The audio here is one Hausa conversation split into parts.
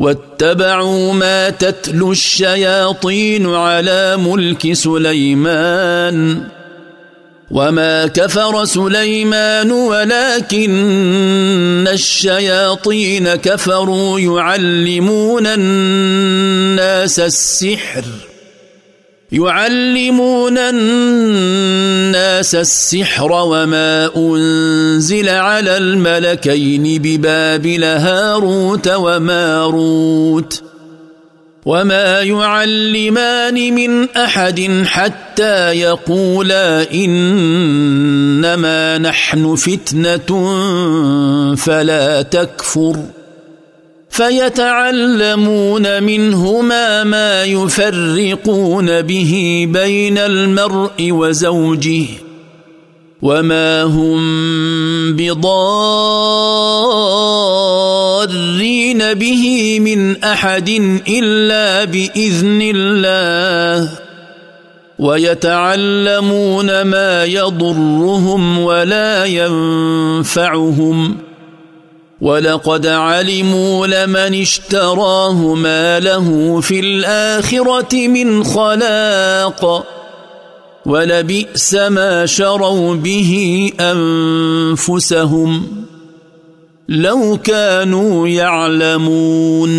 واتبعوا ما تتلو الشياطين على ملك سليمان وما كفر سليمان ولكن الشياطين كفروا يعلمون الناس السحر يعلمون الناس السحر وما انزل على الملكين ببابل هاروت وماروت وما يعلمان من احد حتى يقولا انما نحن فتنه فلا تكفر فيتعلمون منهما ما يفرقون به بين المرء وزوجه وما هم بضارين به من احد الا باذن الله ويتعلمون ما يضرهم ولا ينفعهم ولقد علموا لمن اشتراه ما له في الاخره من خلاق ولبئس ما شروا به انفسهم لو كانوا يعلمون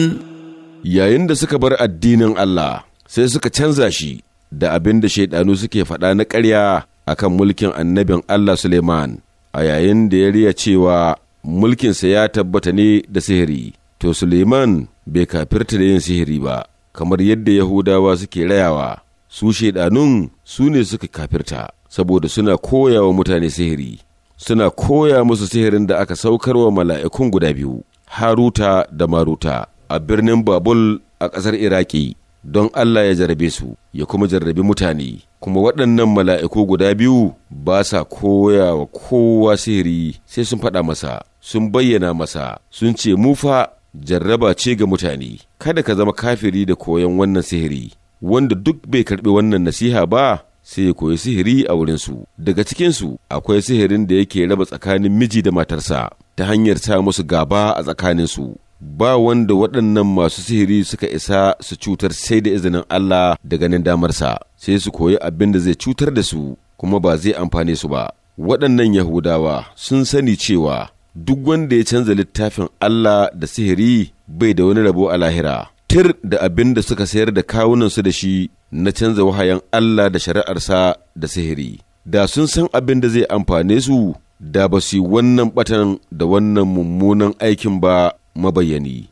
yayin da suka bar addinin Allah sai suka canza shi da abin da shaidanu suke faɗa na ƙarya akan mulkin annabin Allah Suleiman a yayin da ya riya cewa mulkinsa ya tabbata ne da sihiri to suleiman bai kafirta da yin sihiri ba kamar yadda yahudawa suke rayawa su shaidanun su ne suka kafirta saboda suna koya wa mutane sihiri suna koya musu sihirin da aka saukar wa mala'ikun guda biyu haruta da maruta a birnin babul a ƙasar iraki don Allah ya jarrabe su ya kuma jarrabi mutane kuma waɗannan mala'iku guda biyu ba sa koya wa kowa sihiri sai sun faɗa masa sun bayyana masa sun ce mufa jarraba ce ga mutane kada ka zama kafiri da koyon wannan sihiri wanda duk bai karɓi wannan nasiha ba sai ya koyi sihiri a wurinsu daga cikinsu akwai sihirin da yake raba tsakanin miji da matarsa ta hanyar sa musu gaba a tsakaninsu ba wanda waɗannan masu sihiri suka isa su cutar sai da izinin Allah da ganin damarsa sai su koyi abin da zai cutar da su kuma ba zai amfane su ba waɗannan Yahudawa sun sani cewa duk wanda ya canza littafin Allah da sihiri bai da wani rabo a lahira tir da abin da suka sayar da kawunan su da shi na canza wahayan Allah da shari'arsa da sihiri da sun san abin da zai amfane su da ba su wannan batan da wannan mummunan aikin ba مبيني